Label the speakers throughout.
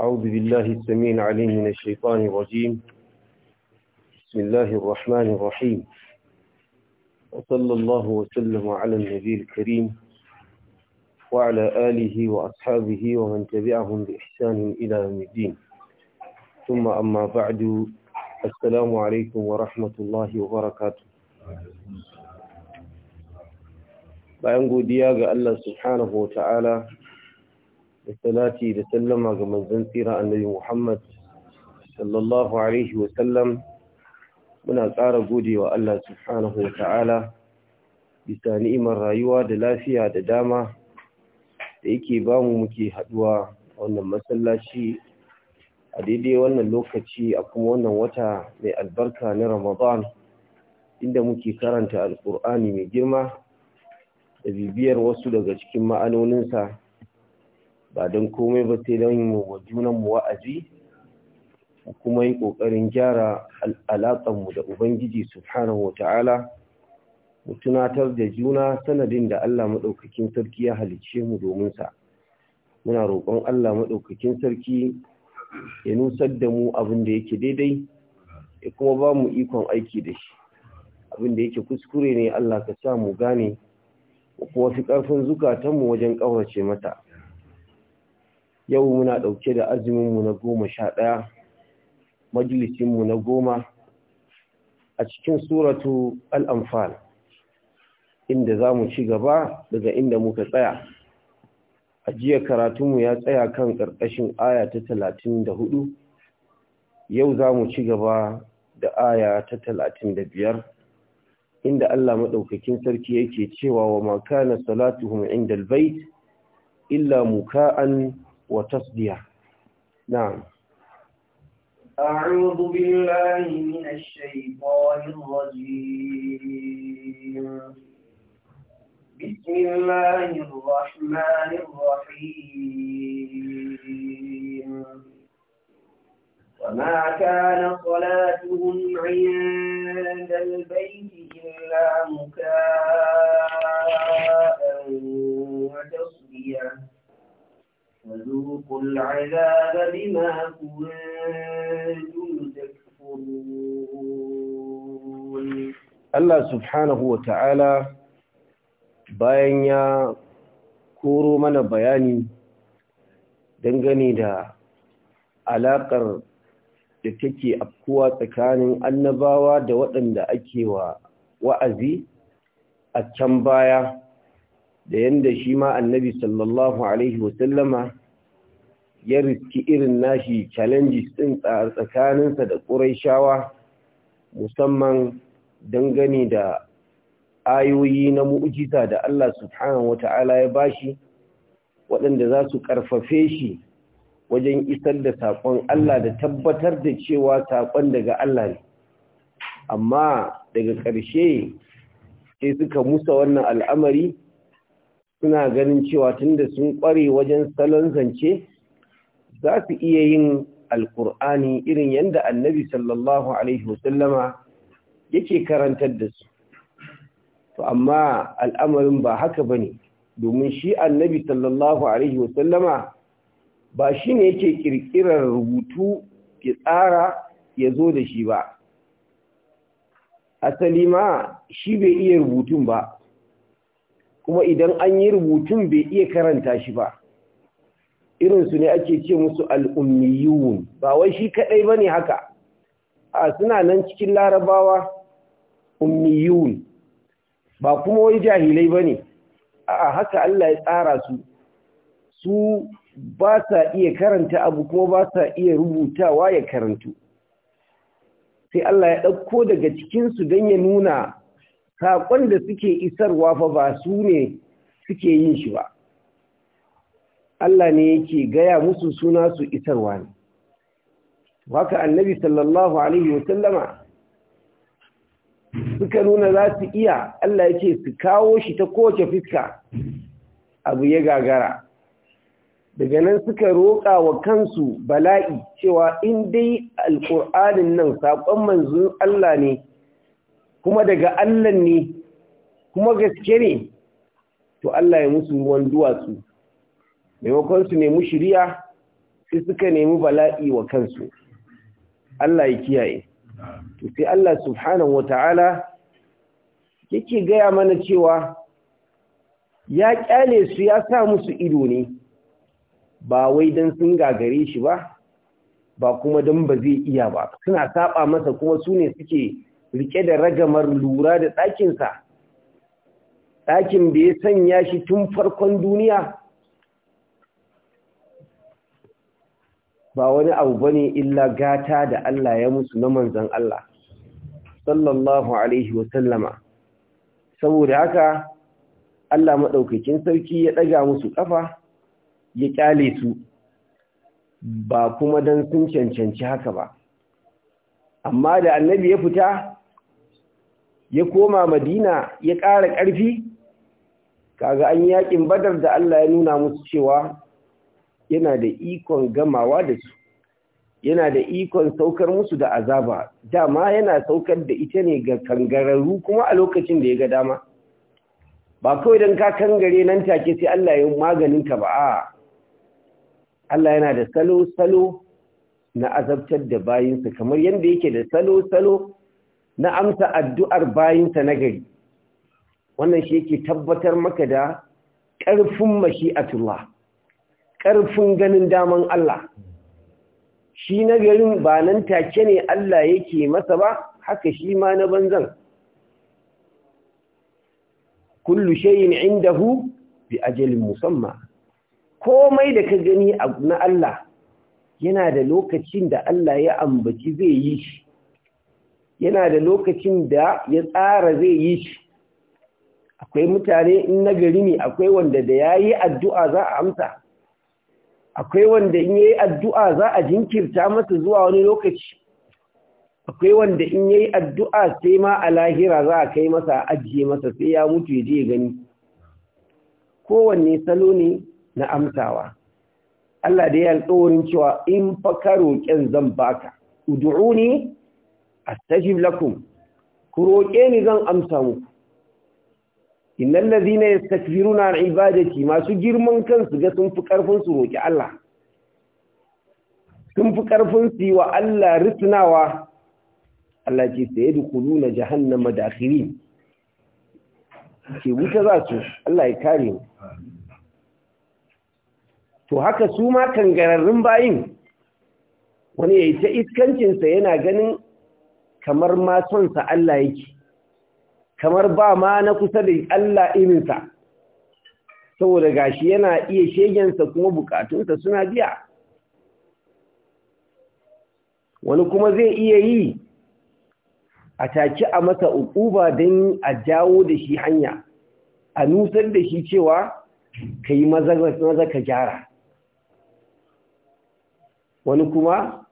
Speaker 1: أعوذ بالله السميع العليم من الشيطان الرجيم بسم الله الرحمن الرحيم وصلى الله وسلم على النبي الكريم وعلى آله وأصحابه ومن تبعهم بإحسان إلى يوم الدين ثم أما بعد السلام عليكم ورحمة الله وبركاته bayan godiya ga Allah subhanahu wa ta'ala da salati da sallama ga manzon tsira annabi Muhammad sallallahu alaihi wa sallam muna tsara godewa Allah subhanahu wa ta'ala bisa ni'imar rayuwa da lafiya da dama da yake bamu muke haduwa a wannan masallaci a daidai wannan lokaci a kuma wannan wata mai albarka na Ramadan inda muke karanta alkur'ani mai girma da bibiyar wasu daga cikin ma'anoninsa ba don komai ba sai don mu wa junanmu wa'azi kuma yi ƙoƙarin gyara alaƙanmu da Ubangiji Subhanahu wa ta'ala, mu tunatar da juna sanadin da Allah maɗaukakin sarki ya halicce mu domin sa Muna roƙon Allah maɗaukakin sarki ya nusar da mu abin da yake daidai, ya kuma ba mu ikon aiki da shi. Abin da yake kuskure ne Allah ka sa mu gane, kuma fi ƙarfin zukatanmu wajen ƙaurace mata. yau muna ɗauke da azuminmu na goma sha ɗaya majalisinmu na goma a cikin suratu al'amfal inda za mu ci gaba daga inda muka tsaya a jiya karatunmu ya tsaya kan ƙarƙashin aya ta talatin da hudu yau za mu ci gaba da aya ta talatin da biyar inda Allah maɗaukakin sarki yake cewa wa makana salatuhum inda albayt illa muka'an وتصدية نعم
Speaker 2: أعوذ بالله من الشيطان الرجيم بسم الله الرحمن الرحيم وما كان صلاتهم عند البيت إلا مكاء وتصدية فذوقوا العذاب بما كنتم تكفرون
Speaker 1: الله سبحانه وتعالى bayan ya koro mana bayani dangane da alaƙar da take afkuwa tsakanin annabawa da waɗanda ake wa wa'azi a can baya da yanda shi ma annabi sallallahu alaihi wasallama ya riski irin nashi challenges din tsakaninsa da ƙuraishawa musamman dangane da ayoyi na mu'jiza da Allah subhanahu wata'ala ya bashi waɗanda za su ƙarfafe shi wajen isar da saƙon Allah da tabbatar da cewa saƙon daga Allah ne amma daga ƙarshe sai suka musa wannan al'amari suna ganin cewa tunda sun ƙware wajen salon zance za su iya yin alkur'ani irin yadda annabi sallallahu alaihi wasallama yake karantar da su to amma al'amarin ba haka ba ne domin shi annabi sallallahu alaihi wasallama ba shi ne yake kirkirar rubutu ya tsara ya zo da shi ba asali ma shi bai iya rubutun ba kuma idan an yi rubutun bai iya karanta shi ba irinsu ne ake ce musu al'ummiyun ba wai shi kaɗai ba ne haka a suna nan cikin larabawa ummiyun ba kuma wai jahilai ba ne a haka Allah ya tsara su su ba sa iya karanta abu kuma ba sa iya rubutawa ya karantu sai Allah ya ɗauko daga cikinsu don ya nuna saƙon da suke isarwa fa ba su ne suke yin shi ba Allah ne yake gaya musu suna su isarwa ne haka annabi sallallahu alaihi wasallama suka nuna za su iya Allah yake su kawo shi ta kowace fiska abu ya gagara daga nan suka roƙa wa kansu bala'i cewa in dai alƙur'anin nan saƙon manzun Allah ne kuma daga Allah ne kuma gaske ne to Allah ya musu ruwan duwatsu maimakon su nemi shirya, sai suka nemi bala'i wa kansu Allah ya kiyaye to sai Allah subhanahu wata'ala yake gaya mana cewa ya kyale su ya sa musu ido ne ba wai don sun gare shi ba ba kuma don ba zai iya ba suna saba masa kuma su ne suke rike da ragamar lura da ɗakinsa ɗakin da ya sanya shi tun farkon duniya ba wani abu ba ne illa gata da Allah ya musu na manzan Allah sallallahu alaihi wasallama saboda haka Allah maɗaukakin sarki ya ɗaga musu ƙafa ya ƙyale su ba kuma don sun cancanci haka ba amma da annabi ya fita ya koma madina ya ƙara ƙarfi kaga an yakin badar da Allah ya nuna musu cewa yana da ikon gamawa da su yana da ikon saukar musu da azaba dama yana saukar da ita ne ga kangararru kuma a lokacin da ya ga dama ba kawai don ka kangare nan take sai Allah ya maganin ka ba Allah yana da salo-salo na azabtar da bayinsa kamar yadda yake da salo-salo na amsa addu'ar bayinsa na gari wannan shi yake tabbatar maka da ƙarfin tula, ƙarfin ganin daman Allah shi na garin ba nan take ne Allah yake masa ba haka shi ma na banzan kullu shay'in indahu bi ajalin musamma komai da ka gani na Allah yana da lokacin da Allah ya ambaci zai yi shi yana da lokacin da ya tsara zai yi shi akwai mutane in gari ne akwai wanda da ya yi addu'a za a amsa akwai wanda in ya yi addu'a za a jinkirta masa zuwa wani lokaci akwai wanda in ya yi addu'a sai ma a lahira za a kai masa ajiye masa sai ya mutu ya je gani kowanne salo ne na amsawa Allah da ya alƙawarin cewa in fa ka roƙen zan baka ud'uni astajib lakum ku roƙe ni zan amsa muku innal ladhina yastakbiruna an ibadati masu girman kansu ga sun fi karfin su roƙi Allah sun fi karfin su yi wa Allah risnawa Allah ce sai yadkhuluna jahannama dakhirin ke wuta za su Allah ya kare mu to haka su ma kangararrun bayin wani ya yi iskancinsa yana ganin kamar ma sonsa Allah yake kamar ba ma na kusa da Allah irinsa saboda gashi yana iya shegensa kuma bukatunsa suna biya wani kuma zai iya yi a taci a masa ukuba don a jawo da shi hanya a nusar da shi cewa ka yi maza ka gyara wani kuma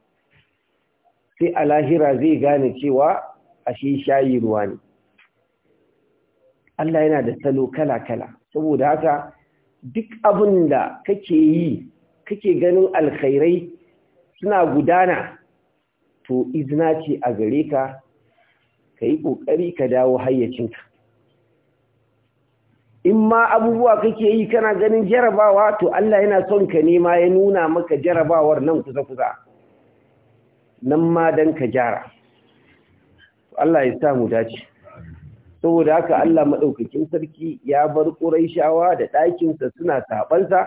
Speaker 1: sai a lahira zai gane cewa ashe shayi ruwa ne Allah yana da salo kala-kala saboda haka duk abin da kake yi kake ganin alkhairai suna gudana to izina ce a gare ka ka yi ƙoƙari ka dawo hayyacinka in ma abubuwa kake yi kana ganin jarabawa to Allah yana son ka nema ya nuna maka jarabawar nan kusa-kusa nan ma dan ka gyara Allah ya sa mu dace saboda haka Allah maɗaukakin sarki ya bar Qurayshawa da ɗakinsa suna saɓansa,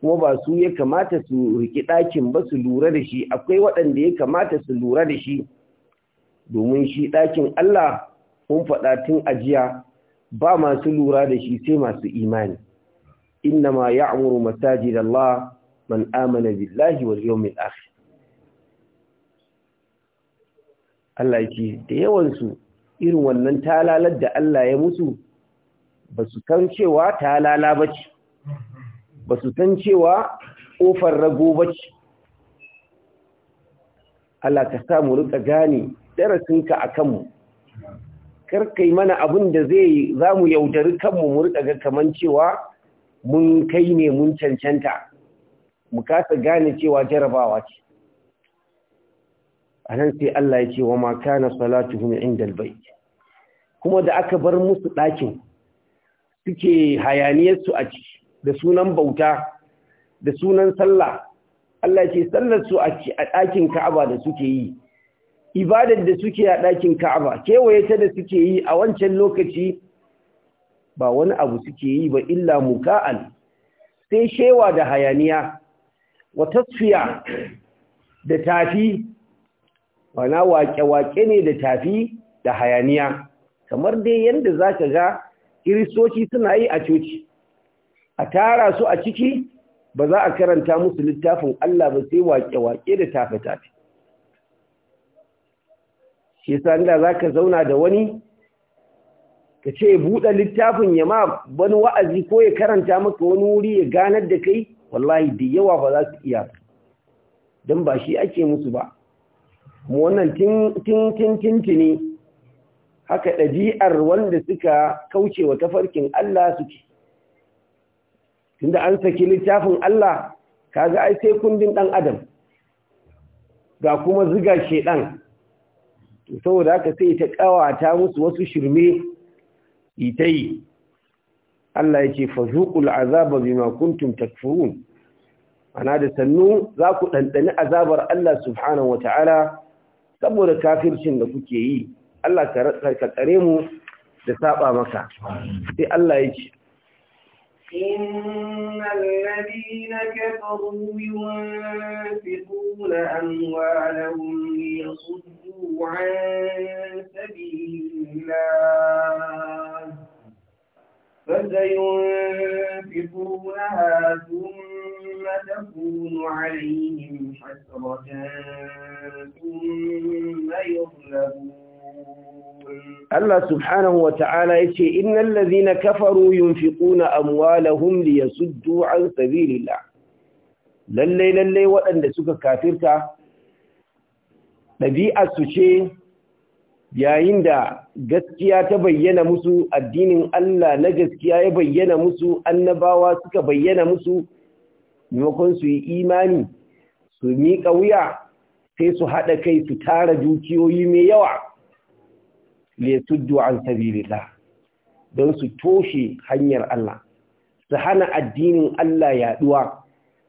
Speaker 1: kuma ba su ya kamata su riki ɗakin ba su lura da shi akwai waɗanda ya kamata su lura da shi domin shi ɗakin Allah kun faɗa tun ajiya ba masu lura da shi sai masu imani inna ma ya'muru masajidallah man amana billahi wal yawmil akhir Allah yake da yawansu irin wannan talalar da Allah ya musu ba su san cewa talala ba ce, ba su san cewa ƙofar rago ba ce. Allah ka samu rika gane darasinka a kanmu, karkai mana abin da zai za mu yaudari kanmu mu rika ga kaman cewa mun kai ne mun cancanta, mu kasa gane cewa jarabawa ce. a nan sai Allah ya ce wa ma kana salatuhum inda albayt kuma da aka bar musu ɗakin suke hayaniyarsu a ciki da sunan bauta da sunan sallah Allah ya ce sallar su a ɗakin Ka'aba da suke yi ibadar da suke a ɗakin Ka'aba kewaye ta da suke yi a wancan lokaci ba wani abu suke yi ba illa muka'al sai shewa da hayaniya wa tasfiya da tafi wana wake-wake ne da tafi da hayaniya kamar dai yadda za ka ga kiristoci suna yi a coci a tara su a ciki ba za a karanta musu littafin Allah ba sai wake-wake da tafe-tafe shi da za ka zauna da wani ka ce buɗe littafin ya ma wani wa'azi ko ya karanta maka wani wuri ya ganar da kai wallahi da yawa ba za su iya don ba shi ake musu ba mu wannan tintintini haka ɗabi'ar wanda suka kauce wa tafarkin Allah suke tunda an saki littafin Allah kaga ai sai kundin ɗan adam ga kuma ziga shedan saboda haka sai ta ƙawata musu wasu shirme itai Allah ya ce fazuqul azaba bima kuntum takfurun ana da sannu za ku ɗanɗani azabar Allah subhanahu wata'ala saboda kafircin da kuke yi Allah ka tsare mu da saba maka sai Allah yake
Speaker 2: inna alladhina kafaru yunfiquna amwalahum liyasuddu an sabilillah فسينفقونها ثم تكون عليهم حسرة ثم يغلبون Allah
Speaker 1: subhanahu wa ta'ala ya ce, Innan lazina kafaru yunfiquna amwalahum liyasuddu an sabilillah. Lallai lallai waɗanda suka kafirta, ɗabi'a su ce yayin da gaskiya ta bayyana musu addinin Allah na gaskiya ya bayyana musu annabawa suka bayyana musu maimakon su yi imani su miƙa wuya sai su haɗa kai su tara dukiyoyi mai yawa le suddu an sabilillah don su toshe hanyar Allah su hana addinin Allah yaduwa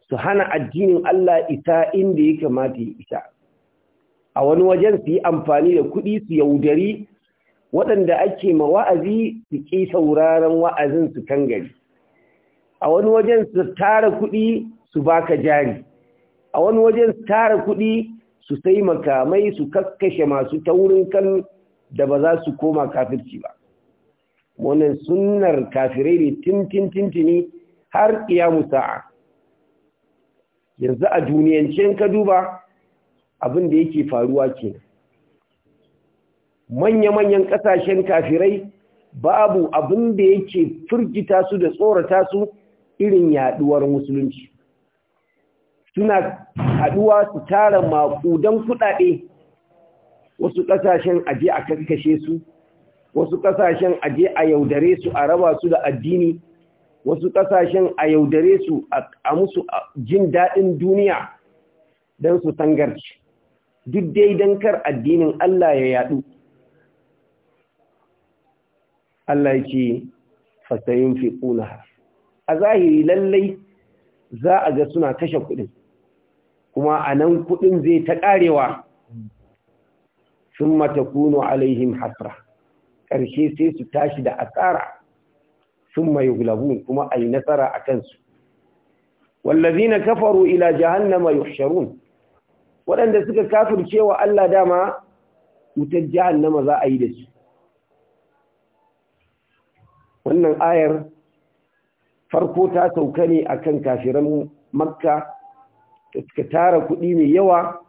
Speaker 1: su hana addinin Allah isa inda ya kamata ya isa a wani wajen su yi amfani da kuɗi su yaudari waɗanda ake ma wa'azi su ƙi sauraron wa'azin su kan gari a wani wajen su tara kuɗi su baka jari a wani wajen su tara kuɗi su sai makamai su kakkashe masu taurin kan da ba za su koma kafirci ba wannan sunnar kafirai ne tintin har iya musa'a yanzu a duniyancin ka duba abin da yake faruwa ke manya-manyan ƙasashen kafirai babu abin da yake firgita su da tsorata su irin yaɗuwar musulunci suna haɗuwa su tara makudan kuɗaɗe, wasu ƙasashen aje a kakkashe su wasu ƙasashen aje a yaudare su a raba su da addini wasu ƙasashen a yaudare su a musu jin daɗin duniya don su sangarci duk dai don kar addinin Allah ya yadu Allah ya ce fasayin fi ƙunaha a zahiri lallai za a ga suna kashe kuɗin kuma a nan kuɗin zai ta ƙarewa sun mata kuno alaihim hasra ƙarshe sai su tashi da asara sun mai gulabun kuma a yi nasara a kansu wallazi na kafaru ila jahannama yuhsharun waɗanda suka kafirce wa Allah dama wutar na maza a yi da su wannan ayar farko ta sauka ne akan kafiran makka da suka tara kuɗi mai yawa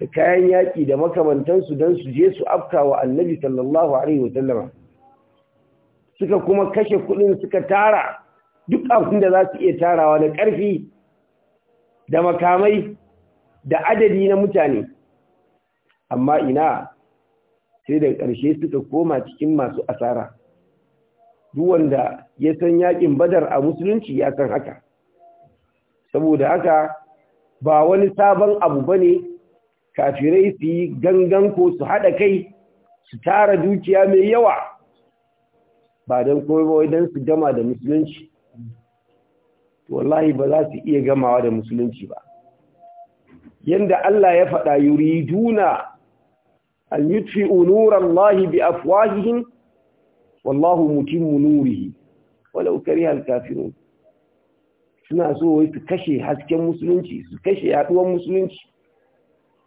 Speaker 1: da kayan yaƙi da makamantansu don su je su afka wa annabi sallallahu alaihi wasallama suka kuma kashe kuɗin suka tara duk abin da za su iya tarawa da ƙarfi da makamai da adadi na mutane amma ina sai da ƙarshe suka koma cikin masu asara duk wanda ya san yakin badar a musulunci ya san haka saboda haka ba wani sabon abu bane kafirai su yi gangan ko su haɗa kai su tara dukiya mai yawa ba don kuma don su gama da musulunci wallahi ba za su iya gamawa da musulunci ba yanda Allah ya faɗa yuriduna an yutfi'u nurallahi bi afwahihim wallahu mutimmu nurihi walau kariha kafirun suna so su kashe hasken musulunci su kashe yaduwar musulunci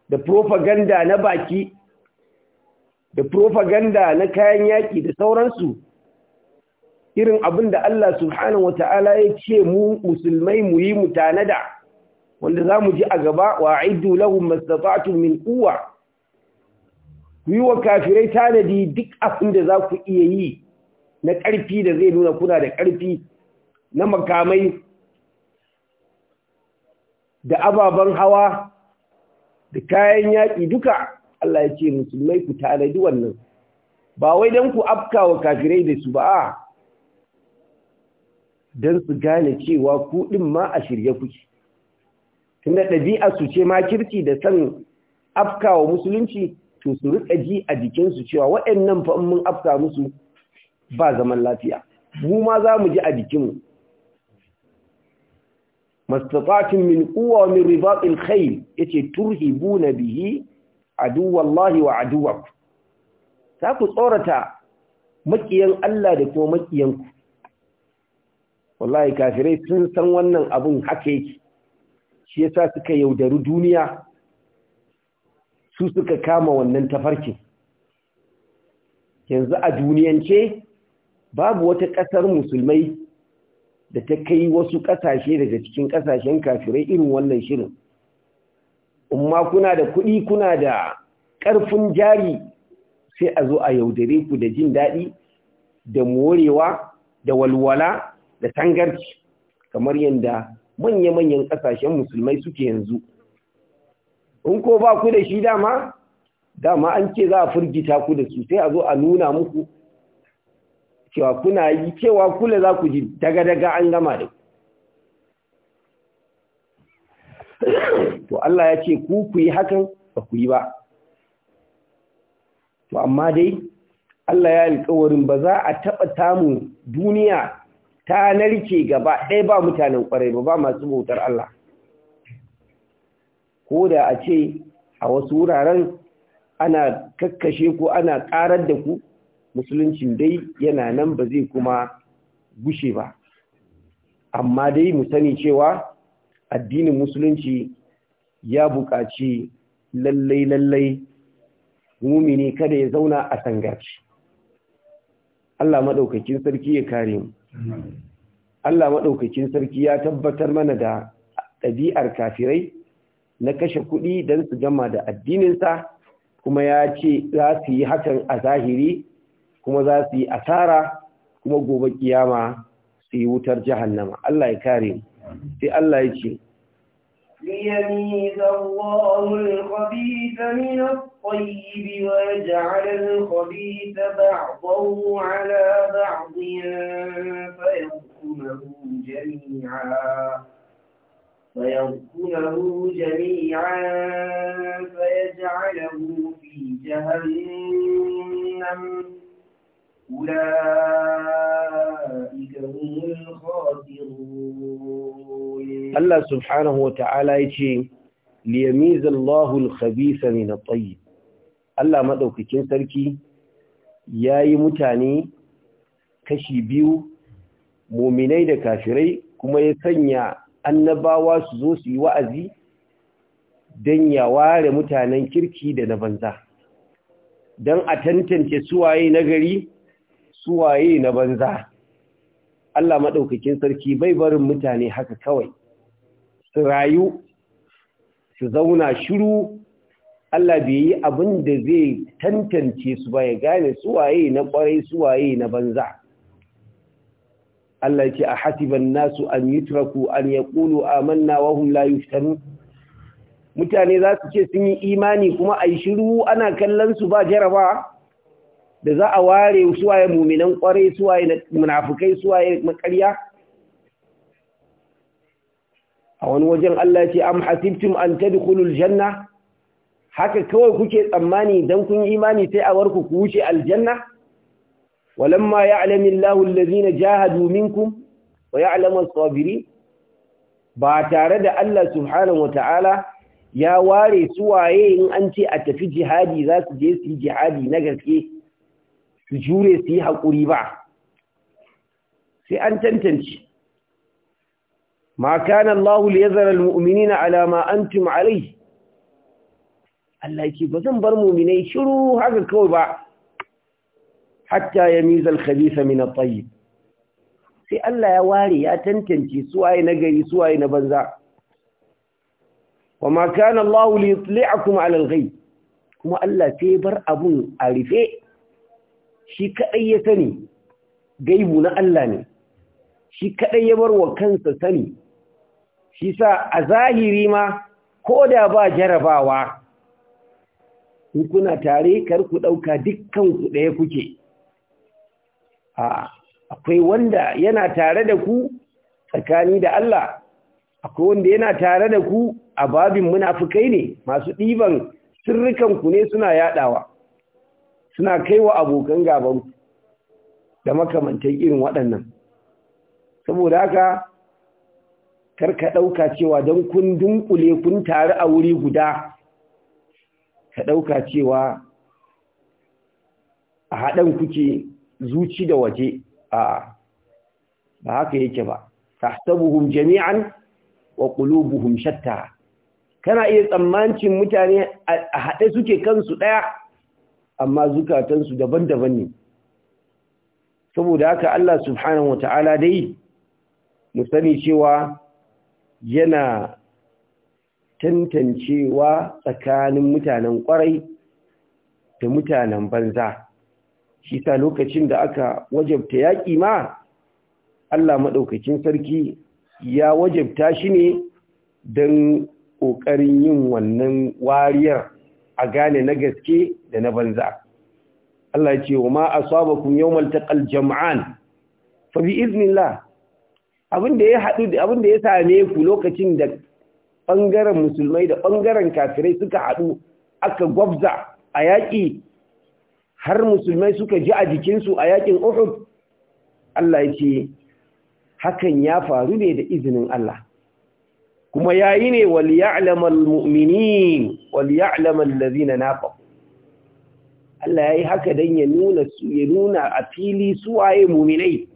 Speaker 1: da propaganda na baki da propaganda na kayan yaki da sauransu irin abin da Allah subhanahu wata'ala ya ce mu musulmai mu yi mutanada wanda za mu ji a gaba wa aiddu lahum mastata'tum min uwa. ku yi wa kafirai tanadi duk abin da za ku iya yi na ƙarfi da zai nuna kuna da ƙarfi na makamai da ababen hawa da kayan yaƙi duka Allah ya ce musulmai ku tanadi wannan ba wai don ku afka wa kafirai da su ba don su gane cewa kuɗin ma a shirye kuke tunda ɗabi'a su ce ma kirki da san afkawa musulunci to su rika ji a jikinsu cewa waɗannan fa mun afka musu ba zaman lafiya mu ma za mu ji a jikinmu mastata'atun min quwwa min al khayl yace turhibuna bihi adu wallahi wa aduwak za ku tsorata makiyan Allah da kuma makiyanku wallahi kafirai sun san wannan abun haka yake shi yasa suka yaudari duniya su suka kama wannan tafarkin yanzu a duniyance babu wata ƙasar musulmai da ta kai wasu ƙasashe daga cikin ƙasashen kafirai irin wannan shirin umma kuna da kuɗi kuna da ƙarfin jari sai a zo a yaudare ku da jin daɗi da morewa da walwala da tangarci kamar yadda manya-manyan ƙasashen musulmai suke yanzu in ko ba ku da shi dama dama an ce za a firgita ku da su sai a zo a nuna muku cewa kuna yi cewa kula za ku ji daga-daga an gama da to Allah ya ce ku ku yi hakan ba ku yi ba to amma dai Allah ya alkawarin ba za a taɓa tamu duniya ta narke gaba ɗaya ba mutanen ƙwarai ba ba masu bautar Allah ko da a ce a wasu wuraren ana kakkashe ku ana ƙarar da ku musuluncin dai yana nan ba zai kuma gushe ba amma dai mu sani cewa addinin musulunci ya buƙaci lallai-lallai mumini kada ya zauna a sangaci. Allah maɗaukakin sarki ya kare mu Allah maɗaukakin sarki ya tabbatar mana da ɗabi'ar kafirai na kashe kuɗi don su gama da addininsa kuma ya ce za su yi hakan a zahiri kuma za su yi asara kuma gobe kiyama su yi wutar jahannama Allah ya kare mu sai Allah ya ce
Speaker 2: من الطيب ويجعل الخبيث بعضه على بعض فيركمه جميعا فيركمه جميعا فيجعله في جهنم أولئك هم الخاسرون الله
Speaker 1: سبحانه وتعالى يقول liyamiza Allahu al-khabitha min at-tayyib Allah madaukakin sarki yayi mutane kashi biyu mu'minai da kafirai kuma ya sanya annabawa su zo su yi wa'azi dan ya ware mutanen kirki da na banza dan a tantance suwaye na gari suwaye na banza Allah madaukakin sarki bai barin mutane haka kawai su rayu su zauna shiru Allah bai yi abin da zai tantance su ba ya gane suwaye na kwarai suwaye na banza Allah ce a hasiban nasu an yutraku an yaqulu amanna wa hum la tanu. mutane za su ce sun yi imani kuma a yi shiru ana kallon su ba jaraba da za a ware suwaye muminan kwarai suwaye munafukai suwaye makarya a wani wajen Allah ce am hasibtum an tadkhulul janna haka kawai kuke tsammani dan kun imani sai a warku ku wuce aljanna walamma ya'lamu Allahu allazina jahadu minkum wa ya'lamu as ba tare da Allah subhanahu wata'ala ya ware su waye in an ce a tafi jihadi za su je su yi jihadi na gaske su jure su yi haƙuri ba sai an tantance ma kana Allah liyazara almu'minina ala ma antum alayhi Allah yake ba zan bar mu'minai shiru haka kawai ba hatta yamiza alkhabitha min at-tayyib sai Allah ya ware ya tantance suwaye na gari suwaye na banza wa ma kana Allah liyutli'akum ala al-ghayb kuma Allah sai bar abun a rufe shi kaɗai ya sani gaibu na Allah ne shi kaɗai ya bar wa kansa sani shi sa a zahiri ma ko da ba jarabawa in kuna tare kar ku ɗauka dukkan ku ɗaya kuke akwai wanda yana tare da ku tsakani da Allah akwai wanda yana tare da ku a babin munafukai ne masu ɗiban sirrikanku ne suna yaɗawa suna kaiwa abokan gaban da makamantan irin waɗannan saboda haka kar ka ɗauka cewa don kun dunkule kun taru a wuri guda ka ɗauka cewa a haɗan kuke zuci da waje a ba haka yake ba tahsabuhum jami'an wa qulubuhum shatta kana iya tsammancin mutane a haɗe suke kansu ɗaya amma zukatansu daban-daban ne saboda haka Allah subhanahu wata'ala dai mu sani cewa yana tantancewa tsakanin mutanen kwarai da mutanen banza shi ta lokacin da aka wajabta yaƙi ma Allah maɗaukacin sarki ya wajabta shi ne don ƙoƙarin yin wannan wariyar a gane na gaske da na banza. Allah ce wa ma asabakum yau maltaƙal jam'an fa bi iznillah abin da ya haɗu da abin da ya same ku lokacin da ɓangaren musulmai da ɓangaren kafirai suka haɗu aka gwabza a yaƙi har musulmai suka ji a jikinsu a yaƙin Uhud Allah ya ce hakan ya faru ne da izinin Allah kuma yayi ne wal ya'lamal mu'minin wal ya'lamal ladina nafaqu Allah yayi haka dan ya nuna su ya nuna a fili suwaye mu'minai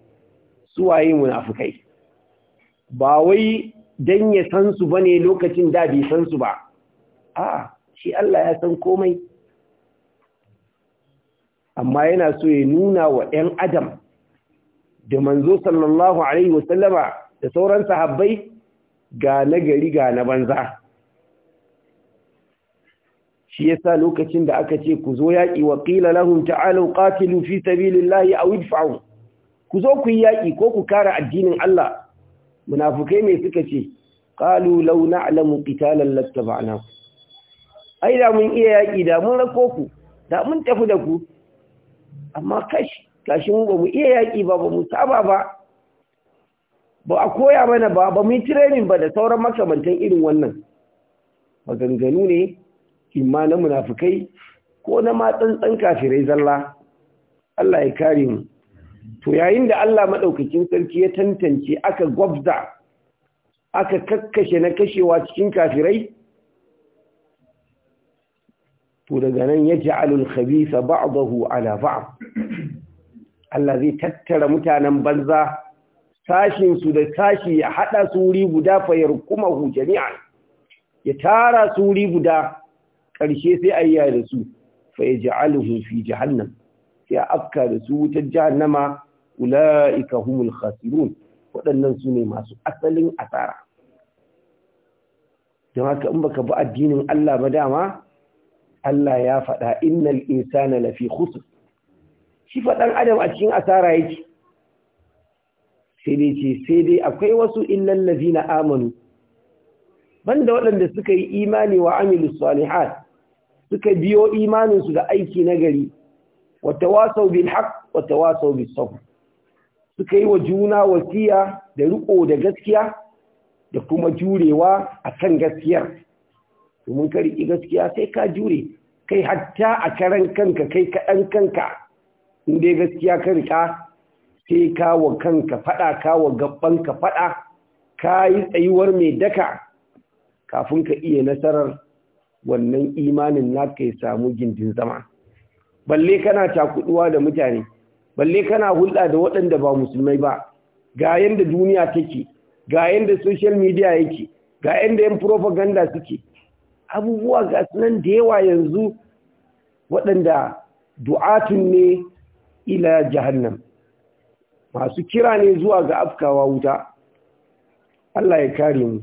Speaker 1: suwaye munafikai ba wai dan ya san su ne lokacin da bai san su ba a shi Allah ya san komai amma yana so ya nuna wa 'yan adam da manzo sallallahu alaihi wasallama da sauran sahabbai ga na gari ga na banza shi yasa lokacin da aka ce ku zo yaƙi wa qila lahum ta'alu qatilu fi sabilillahi aw idfa'u ku zo ku yi yaƙi ko ku kare addinin Allah munafukai mai suka ce qalu law na'lamu qitalan lattaba'nakum ai da mun iya yaƙi da mun rako ku da mun tafi da ku amma kashi kashi mu ba mu iya yaƙi ba ba mu saba ba ba a koya mana ba ba mu yi training ba da sauran makamantan irin wannan maganganu ne imma na munafukai ko na matsantsan kafirai zalla Allah ya kare mu to yayin da Allah maɗaukakin sarki ya tantance aka gwabza aka kakkashe na kashewa cikin kafirai to daga nan ya ja'alul khabisa ba'dahu ala ba'd Allah zai tattara mutanen banza sashin da sashi ya haɗa su guda fa yarkuma hu jami'a, ya tara suri guda ƙarshe sai ayya da su fa yaj'aluhu fi jahannam sai afka da su wutar jahannama ula'ika humul khasirun waɗannan su ne masu asalin asara don haka in baka bi addinin Allah ba dama Allah ya faɗa innal insana lafi khusr shi faɗan adam a cikin asara yake sai dai ce sai dai akwai wasu illal ladina amanu banda waɗanda suka yi imani wa amilus salihat suka biyo imaninsu da aiki na gari. watawasau bil haqq watawasau bis sabr suka yi wa juna wasiya da riko da gaskiya da kuma jurewa akan gaskiyar domin ka ki gaskiya sai ka jure kai hatta a karan kanka kai kaɗan kanka in dai gaskiya ka rika sai ka wa kanka faɗa ka wa gabban ka faɗa ka yi tsayuwar mai daka kafin ka iya nasarar wannan imanin naka ya samu gindin zama balle kana cakuduwa da mutane balle kana hulɗa da waɗanda ba musulmai ba ga yanda duniya take ga yanda social media yake ga yanda yan propaganda suke abubuwa ga sunan da yawa yanzu waɗanda du'atun ne ila jahannam masu kira ne zuwa ga afkawa wuta Allah ya kare mu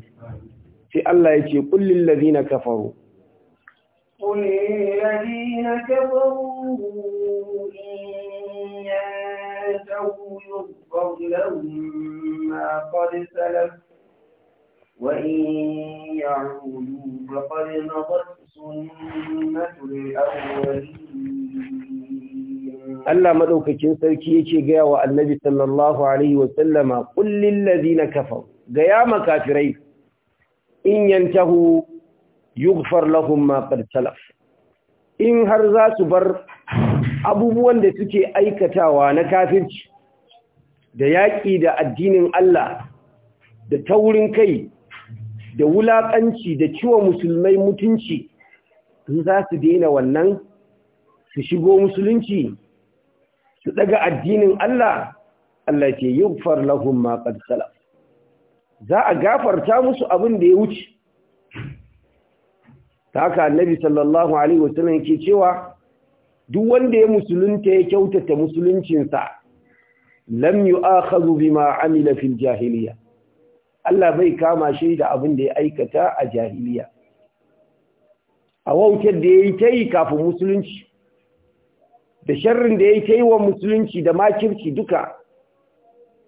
Speaker 1: sai Allah ya ce kullil ladina kafaru
Speaker 2: قل الذين كفروا إن
Speaker 1: Allah madaukakin sarki yake gaya wa Annabi sallallahu alaihi wa sallama kullil ladina kafaru gaya makafirai in yantahu yughfar lahum ma qad talaf in har za su bar abubuwan da suke aikatawa na kafirci da yaƙi da addinin Allah da taurin kai da wulaƙanci da ciwo musulmai mutunci in za su daina wannan su shigo musulunci su daga addinin Allah Allah ke yughfar lahum ma qad talaf za a gafarta musu abin da ya wuce ta haka annabi sallallahu alaihi wasallam yake cewa duk wanda ya musulunta ya kyautata musuluncinsa lam yu'akhadhu bima amila fil jahiliya Allah bai kama shi da abin da ya aikata a jahiliya a wautar da yayi yi kafin musulunci da sharrin da yayi yi wa musulunci da makirci duka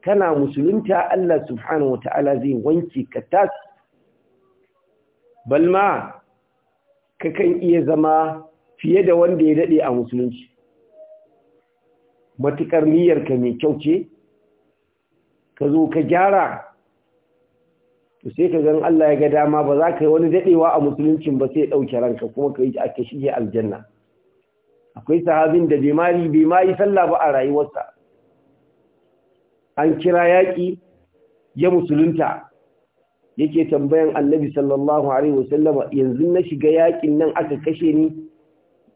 Speaker 1: kana musulunta Allah subhanahu wataala zai wanke ka tas balma kakan iya zama fiye da wanda ya daɗe a musulunci matuƙar niyyarka mai kyau ce ka zo ka gyara to sai ka gan Allah ya ga dama ba za ka yi wani daɗewa a musuluncin ba sai ɗauke ranka kuma ka yi ake shige aljanna akwai sahabin da bimari bai ma yi sallah ba a rayuwarsa an kira yaƙi ya musulunta yake tambayan annabi sallallahu alaihi wasallama yanzu na shiga yakin nan aka kashe ni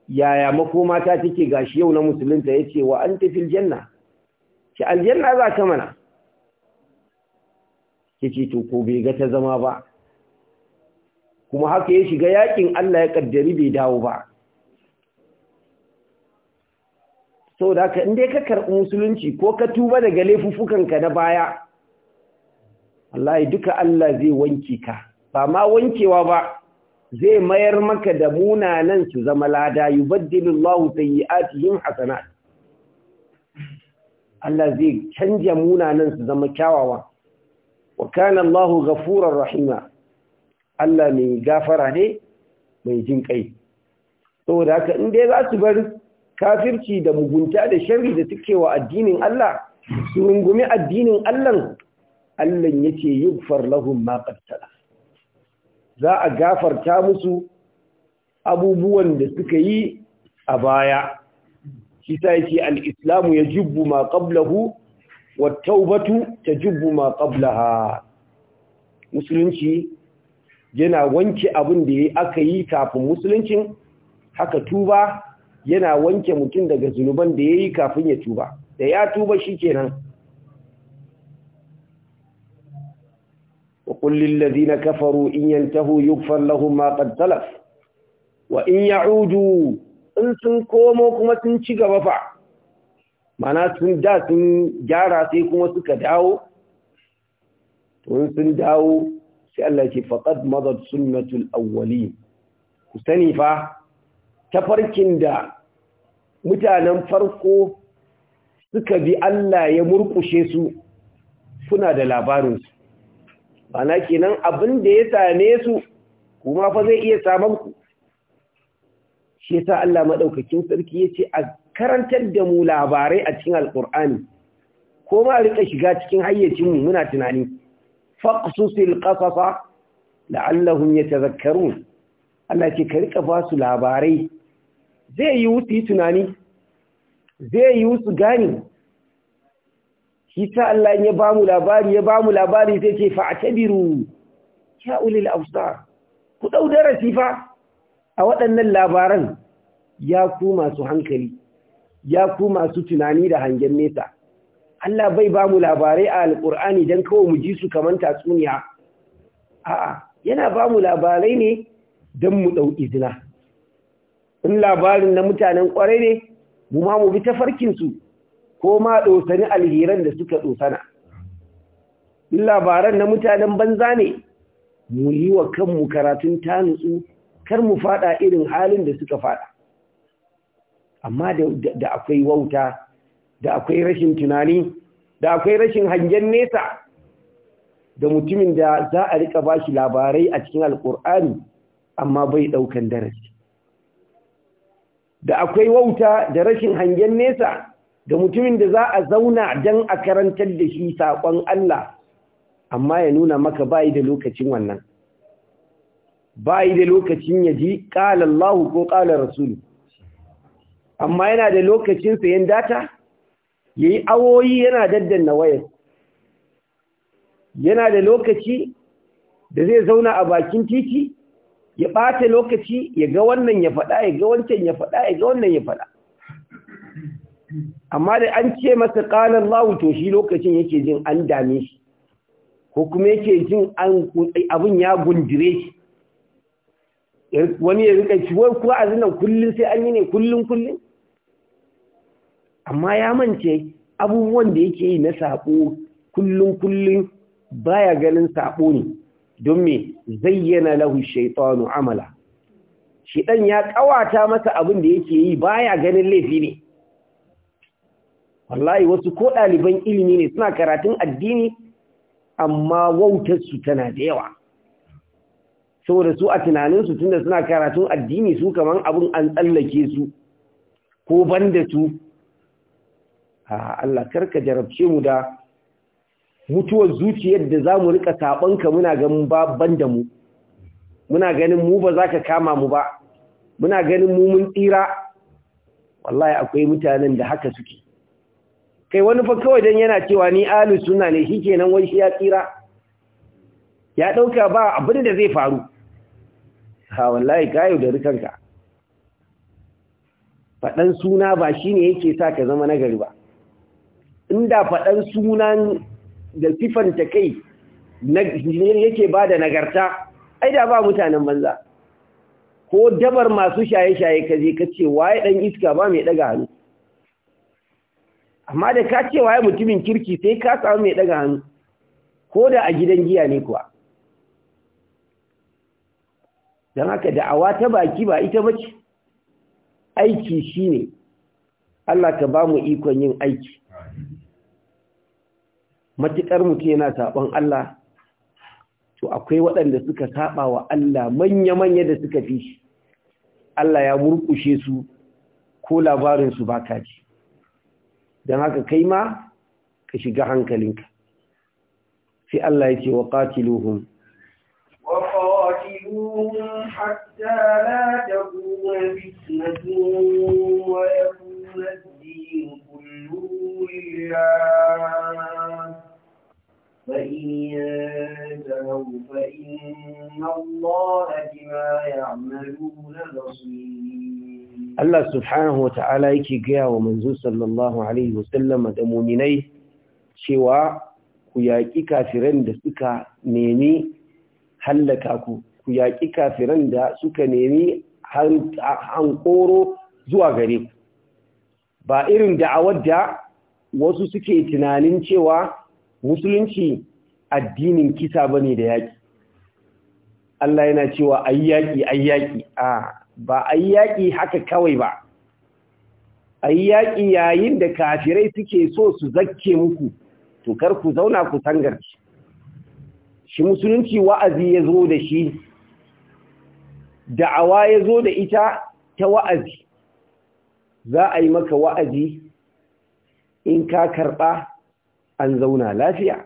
Speaker 1: yaya makoma ta take gashi yau na musulunta yace wa anta fil janna ki aljanna za ka mana kici to ko bai ga ta zama ba kuma haka ya shiga yakin Allah ya kaddari bai dawo ba saboda haka in dai ka karɓi musulunci ko ka tuba daga ka na baya allah duka Allah zai wanke ka ba ma wankewa ba zai mayar maka da munanan su zama lada yubaddilullahu sayyi'atihim hasana. Allah zai canja munanan su zama kyawawa wa kana Allahu ghafurar rahima Allah mai gafara ne mai jin kai saboda haka in dai za su bar kafirci da mugunta da sharri da suke wa addinin Allah su rungumi addinin Allah Allah yake yi lahum ma za a gafarta musu abubuwan da suka yi a baya shi ta yake al-islamu yajibu ma qablahu wat taubatu tajibu ma qablaha musulunci yana wanke abin da aka yi kafin musuluncin haka tuba yana wanke mutum daga zunuban da ya yi kafin ya tuba da ya tuba shi kenan وقل للذين كفروا إن ينتهوا يغفر لهم ما قد سلف وإن يعودوا إن سنكوموا كما سنشيك وفع معنى سندا سنجارة سيكما سكداو وإن سنداو سألتي فقد مضت سنة الأولين سنفا تفركن دا mutanen farko suka bi Allah ya murkushe su suna da labarinsu bana kenan abin da ya same su kuma fa zai iya saman ku shi yasa Allah maɗaukakin sarki ya ce a karantar da mu labarai a cikin Alƙur'ani? ko ma rika shiga cikin hayyacinmu muna tunani faqsusil qasasa la'allahum tazakkaru. Allah ce ka rika ba su labarai zai yi wuce tunani zai yi wuce gani shi Allah ya ba mu labari ya ba mu labari sai ce fa'tabiru ya ulil afsar ku dau darasi fa a waɗannan labaran ya ku masu hankali ya ku masu tunani da hangen nesa Allah bai ba mu labarai a alƙur'ani dan kawai mu ji su kamar tatsuniya a'a yana ba mu labarai ne dan mu ɗauki izina in labarin na mutanen ƙwarai ne mu ma mu bi tafarkinsu ko ma ɗosani alheran da suka in labaran na mutanen banza ne mu yi wa kanmu karatun ta nutsu kar mu fada irin halin da suka fada amma da akwai wauta da akwai rashin tunani da akwai rashin hangen nesa da mutumin da za a rika shi labarai a cikin alkur'ani amma bai daukan darasi da akwai wauta da rashin hangen nesa da mutumin da za a zauna don a karantar da shi saƙon Allah amma ya nuna maka bayi da lokacin wannan bayi da lokacin ya ji ƙala ko ƙalar Rasulu amma yana da lokacin sayan data ya yi awoyi yana daddanna wayar yana da lokaci da zai zauna a bakin titi ya ɓata lokaci ya ga wannan ya faɗa ya ga wancan ya faɗa ya ga wannan ya faɗa amma da an ce masa ƙalar lawu to shi lokacin yake jin an dame shi ko kuma yake jin abin ya gundire shi wani ya rika ciwon kuwa a zinan kullum sai an yi ne kullum kullum amma ya mance abubuwan da yake yi na saɓo kullum kullum baya ganin saɓo ne don me zayyana lahu shaitanu amala shi ɗan ya ƙawata masa abin da yake yi baya ganin laifi ne wallahi wasu ko ɗaliban ilimi ne suna karatun addini amma wautarsu tana da yawa saboda su a tunanin tunaninsu tunda suna karatun addini su kamar abin an tsallake su ko ban da su a Allah karka jarabce mu da mutuwar zuciyar da za mu rika saɓonka muna ganin babban da mu muna ganin mu ba za ka kama mu ba muna ganin mu mun tsira wallahi akwai mutanen da haka suke kai wani fa kawai dan yana cewa ni ahli sunna ne shikenan wai shi ya tsira ya dauka ba abin da zai faru ha wallahi kayo da rikanka fadan suna ba shine yake sa ka zama nagari ba inda fadan sunan da sifanta kai yake bada nagarta ai da ba mutanen banza ko dabar masu shaye-shaye kaje je ka ce waye dan iska ba mai daga hannu amma da ka ce waye mutumin kirki sai ka samu mai daga hannu ko da a gidan giya ne kuwa don haka da awa ta baki ba ita bace aiki shine Allah ka ba mu ikon yin aiki matuƙar mutum yana saɓon Allah to akwai waɗanda suka saɓa wa Allah manya-manya da suka fi shi Allah ya murƙushe su ko labarinsu ba kaji. ji دماغ كيما كشي جهان كلينك في الله يتي وقاتلوهم
Speaker 2: وقاتلوهم حتى لا تكون فتنة ويكون الدين كله لله فإن ينتهوا فإن الله بما يعملون بصير
Speaker 1: Allah subhanahu wa ta'ala yake gaya wa manzo sallallahu Alaihi wasallam da muminai cewa ku yaƙi kafiran da suka nemi hallaka ku, ku yaƙi kafiran da suka nemi hankoro zuwa gare ku. Ba irin da'awar da wasu suke tunanin cewa musulunci addinin kisa bane da yaƙi. Allah yana cewa ayyaki ayyaki a ah, ba a yi yaƙi haka kawai ba a yi yaƙi yayin da kafirai suke so su zakke muku to kar ku zauna ku sangarci shi musulunci wa'azi ya zo da shi da'awa ya zo da ita ta wa'azi za a yi maka wa'azi in ka karɓa an zauna lafiya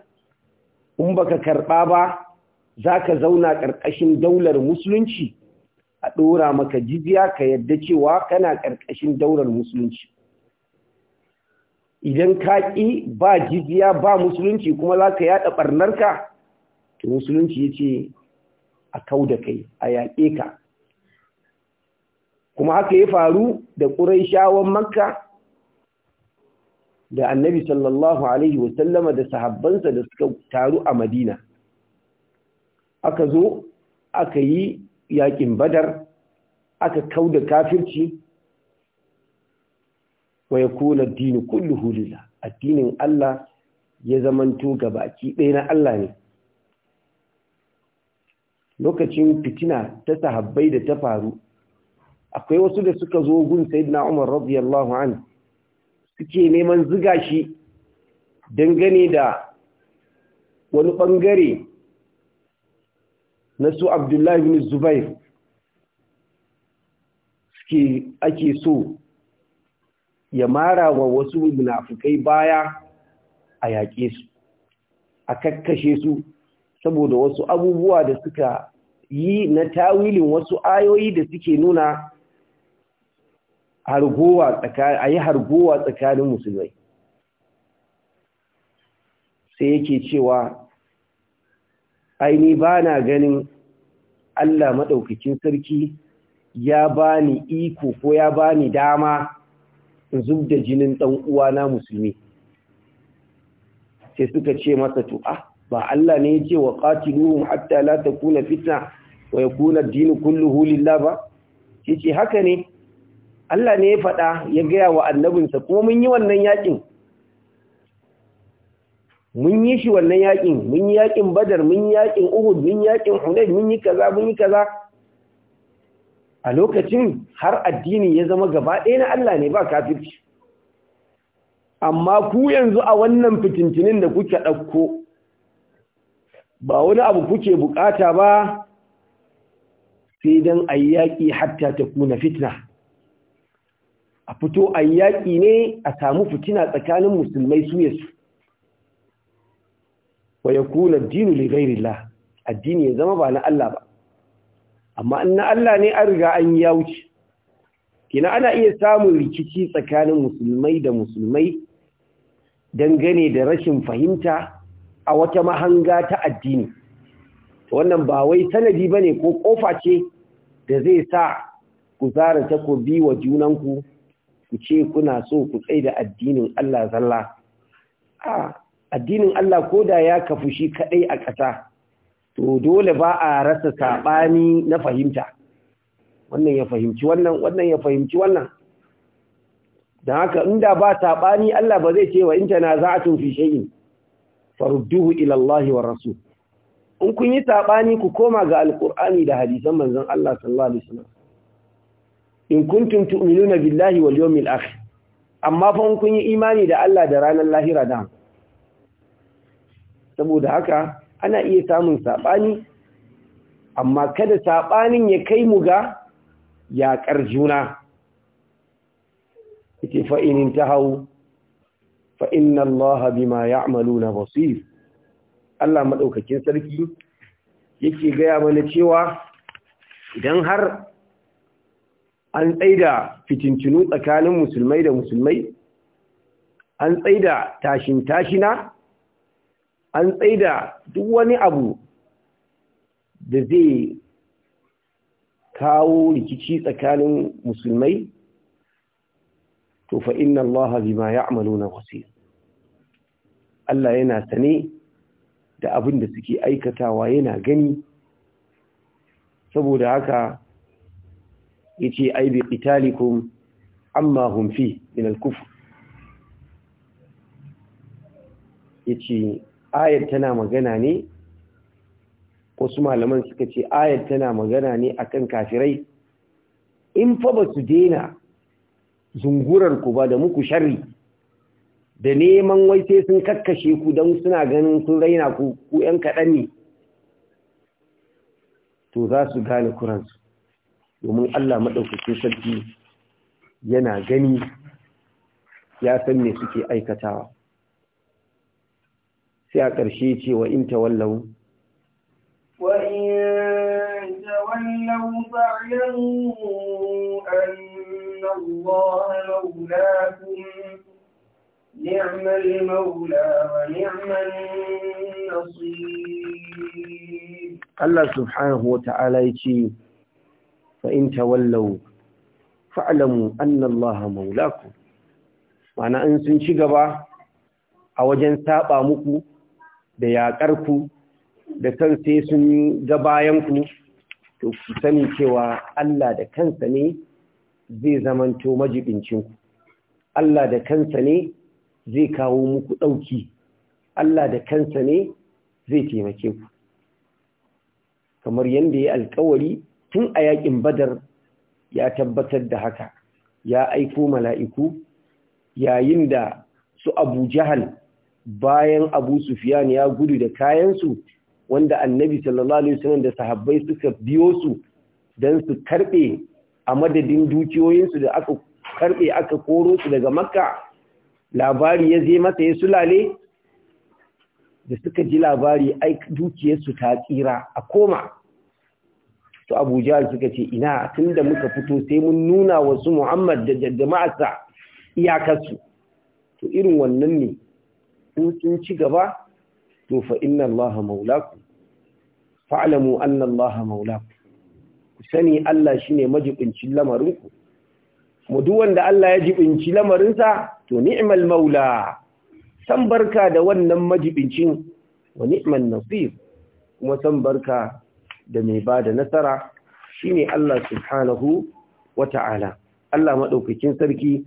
Speaker 1: in baka karɓa ba za ka zauna ƙarƙashin daular musulunci a ɗora maka jijiya ka yadda cewa kana ƙarƙashin daular musulunci idan ka ƙi ba jijiya ba musulunci kuma za ka yaɗa ɓarnarka to musulunci ya ce a kau da kai a yaƙe ka kuma haka ya faru da ƙurai shawon makka da annabi sallallahu alaihi wasallama da sahabbansa da suka taru a madina aka zo aka yi yakin badar aka kau da kafirci wa ya kula dini kullu hulila addinin Allah ya zamanto gabaki ɗaya na Allah ne lokacin fitina ta sahabbai da ta faru akwai wasu da suka zo gun sayyidina Umar radiyallahu an suke neman ziga shi dangane da wani bangare na su abdullahi bin zubair suke ake so ya mara wa wasu munafukai baya a yaƙe su a kakkashe su saboda wasu abubuwa da suka yi na tawilin wasu ayoyi da suke nuna a yi ayi hargowa tsakanin musulmai sai yake cewa aini ba na ganin Allah maɗaukacin sarki ya bani iko ko ya bani dama in zub da jinin ɗan uwana musulmi sai suka ce masa tu'a. Ah, ba Allah ne ya ce wa qatiluhum hatta la takuna fitna wa ya ad dini kulluhu Hulillah ba sai ce haka ne Allah ne ya faɗa ya gaya wa annabinsa kuma mun yi wannan yakin mun yi shi wannan yakin mun yi yakin badar mun yi yakin uhud mun yi yakin hunayn mun yi kaza mun yi kaza a lokacin har addini ya zama gaba ɗaya na Allah ne ba kafirci amma ku yanzu a wannan fitintinin da kuke ɗauko ba wani abu kuke bukata ba sai dan a yaƙi hatta ta kuna fitna a fito a yaƙi ne a samu fitina tsakanin musulmai su yasu wa yakuna kula dinu li ghayrillah addini ya zama ba na Allah ba amma in na Allah ne an riga an ya wuce kina ana iya samun rikici tsakanin musulmai da musulmai dangane da rashin fahimta a wata mahanga ta addini wannan ba wai sanadi bane ko kofa ce da zai sa ku zara takobi wa junanku ku ce kuna so ku tsaye da addinin Allah zalla a addinin Allah ko da ya kafu shi kaɗai a ƙasa to dole ba a rasa saɓani na fahimta wannan ya fahimci wannan wannan ya fahimci wannan don haka inda ba saɓani Allah ba zai ce wa in tana za a tunfi shayin farudduhu ilallahi wa rasu". in kun yi saɓani ku koma ga alƙur'ani da hadisan manzon Allah sallallahu alaihi wasallam in kuntum tu'minuna billahi wal yawmil akhir amma fa in kun yi imani da Allah da ranar lahira da saboda haka ana iya samun saɓani amma kada saɓanin ya kai mu ga yaƙar juna ita fa'inin ta hau fa'in Allah bima ya amalu na basir Allah maɗaukakin sarki yake gaya mana cewa idan har an tsaida fitintunu tsakanin musulmai da musulmai an tsaida tashin tashina an tsaida duk wani abu da zai kawo rikici tsakanin musulmai to fa inna allaha bima ya'maluna basir Allah yana sane da abin da suke aikatawa yana gani saboda haka yace ai bi qitalikum amma hum fi min al-kufr yace ayar tana magana ne wasu malaman suka ce ayar tana magana ne akan kafirai in fa ba su dena zungurar ku ba da muku sharri da neman wai sai sun kakkashe ku don suna ganin sun raina ku ku yan kaɗan ne to za su gane kuransu domin Allah maɗaukaki sarki yana gani ya san me suke aikatawa sai a ƙarshe ce wa in ta wallawu Allah subhanahu wa ta’ala ya ce, in ta wallawo, fa’alamu annallaha maulaku, Mana an sun ci gaba a wajen saɓa muku da yaƙar ku da kan sai sun ga bayanku, to ku sani cewa Allah da kansa ne zai zamanto majibincin ku Allah da kansa ne zai kawo muku ɗauki Allah da kansa ne zai taimake ku kamar yadda ya alkawari tun a yaƙin badar ya tabbatar da haka ya aiko mala'iku yayin da su abu jahal bayan Abu Sufyan ya gudu da kayansu wanda Annabi sallallahu alaihi wasallam da sahabbai suka biyo su dan su karbe a madadin dukiyoyinsu da aka karbe aka koro su daga Makka labari ya je masa ya sulale da suka ji labari ai dukiyarsu ta tsira a koma to Abu Jahl suka ce ina tunda muka fito sai mun nuna wasu Muhammad da jama'arsa iyakarsu to irin wannan ne in sun ci gaba to fa inna allaha maulakum fa'lamu anna allaha maulakum ku sani Allah shine majibincin lamarinku mu duk wanda Allah ya jibinci lamarinsa to ni'mal maula san barka da wannan majibincin wa ni'man nasir kuma san barka da mai bada nasara shine Allah subhanahu wata'ala Allah madaukakin sarki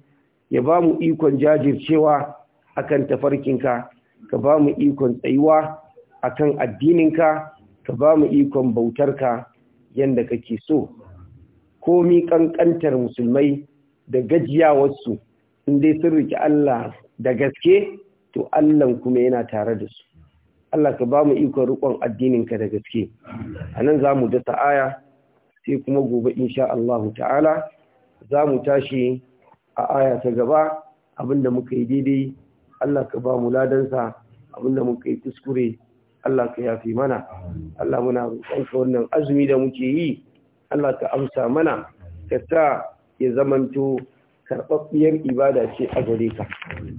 Speaker 1: ya bamu ikon jajircewa akan tafarkinka ka ba mu ikon tsayuwa akan addininka ka ba mu ikon bautarka yanda kake so komi kankantar musulmai da gajiyawarsu in dai sun riki Allah da gaske to Allah kuma yana tare da su Allah ka ba mu ikon addinin addininka da gaske anan nan za mu dasa aya sai kuma gobe insha Allah ta'ala za mu tashi a aya ta gaba abinda muka yi daidai Allah ka ba mu ladansa abinda muka yi kuskure Allah ka yafi mana Allah muna roƙonka wannan azumi da muke yi Allah ka amsa mana ka sa ya zamanto karɓaɓɓiyar ibada ce a gare ka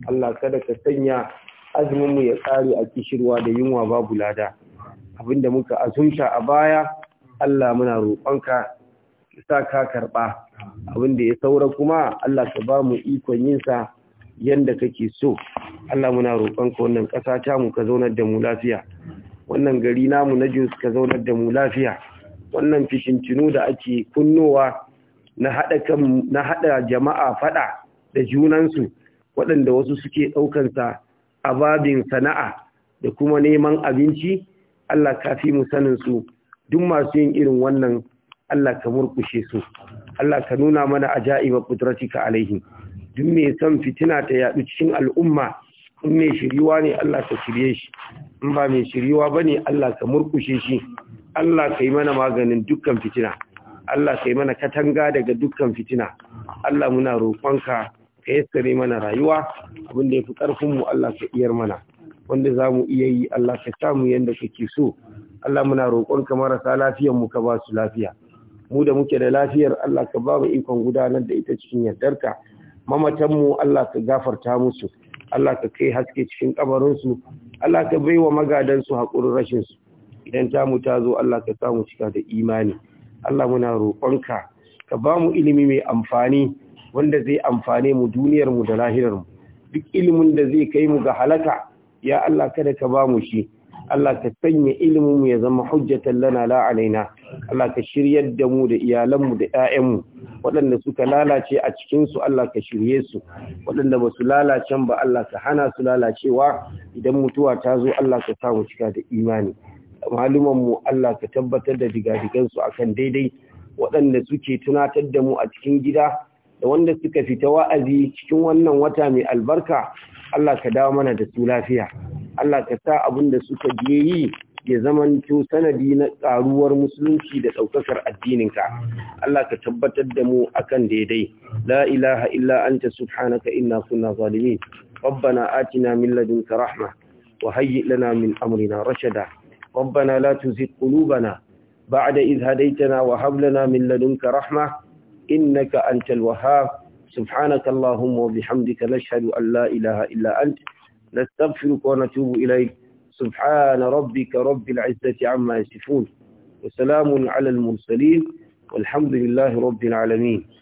Speaker 1: Allah kada ka sanya azumin mu ya ƙare a kishirwa da yunwa babu lada abinda muka azumta a baya Allah muna roƙonka sa ka karɓa abin ya saura kuma Allah ka ba mu ikon sa yanda kake so Allah muna roƙonka wannan ƙasa ta mu ka zaunar da mu lafiya wannan gari namu na Jos ka zaunar da mu lafiya wannan fishintinu da ake kunnowa na haɗa kan na hada jama'a faɗa da junansu waɗanda wasu suke ɗaukansa a babin sana'a da kuma neman abinci Allah ka fi mu sanin su duk masu yin irin wannan Allah ka murkushe su Allah ka nuna mana ajaiba kudratika alaihim duk mai son fitina ta yaɗu cikin al'umma in mai shiriwa ne Allah ka shirye shi in ba mai shiriwa ba ne Allah ka murkushe shi Allah ka yi mana maganin dukkan fitina Allah ka yi mana katanga daga dukkan fitina Allah muna roƙonka ka yassare mana rayuwa abinda da ya fi ƙarfinmu Allah ka iyar mana wanda za mu iya yi Allah ka mu yadda kake so Allah muna roƙonka marasa lafiyarmu ka ba su lafiya mu da muke da lafiyar Allah ka ba mu ikon gudanar da ita cikin yardarka mamatanmu Allah ka gafarta musu Allah ka kai haske cikin kabarinsu Allah ka bai wa magadansu haƙurin rashinsu idan ta mu ta zo Allah ka samu cika da imani Allah muna roƙonka ka ba mu ilimi mai amfani wanda zai amfane mu duniyarmu da mu. duk ilimin da zai kai mu ga halaka ya Allah kada ka ba mu shi Allah ka sanya ilimin mu ya zama hujjatan lana la alaina Allah ka shiryar da mu da iyalanmu da ƴaƴan mu waɗanda suka lalace a cikin su Allah ka shirye su waɗanda ba su lalace ba Allah ka hana su lalacewa idan mutuwa ta zo Allah ka sa mu cika da imani maluman mu Allah ka tabbatar da digadigan su akan daidai waɗanda suke tunatar da mu a cikin gida da wanda suka fita wa'azi cikin wannan wata mai albarka Allah ka dawo mana da su lafiya Allah ka sa abin da suka je yi ya zamanto sanadi na ƙaruwar musulunci da ɗaukakar addininka Allah ka tabbatar da mu akan daidai la ilaha illa anta subhanaka inna kunna zalimin rabbana atina min ladunka rahma wa hayyi lana min amrina rashada rabbana la tuzigh qulubana ba'da idh hadaytana wa hab lana min ladunka rahma innaka antal wahhab subhanaka allahumma wa bihamdika nashhadu an la ilaha illa anta نستغفرك ونتوب إليك سبحان ربك رب العزة عما يصفون وسلام على
Speaker 2: المرسلين والحمد لله رب العالمين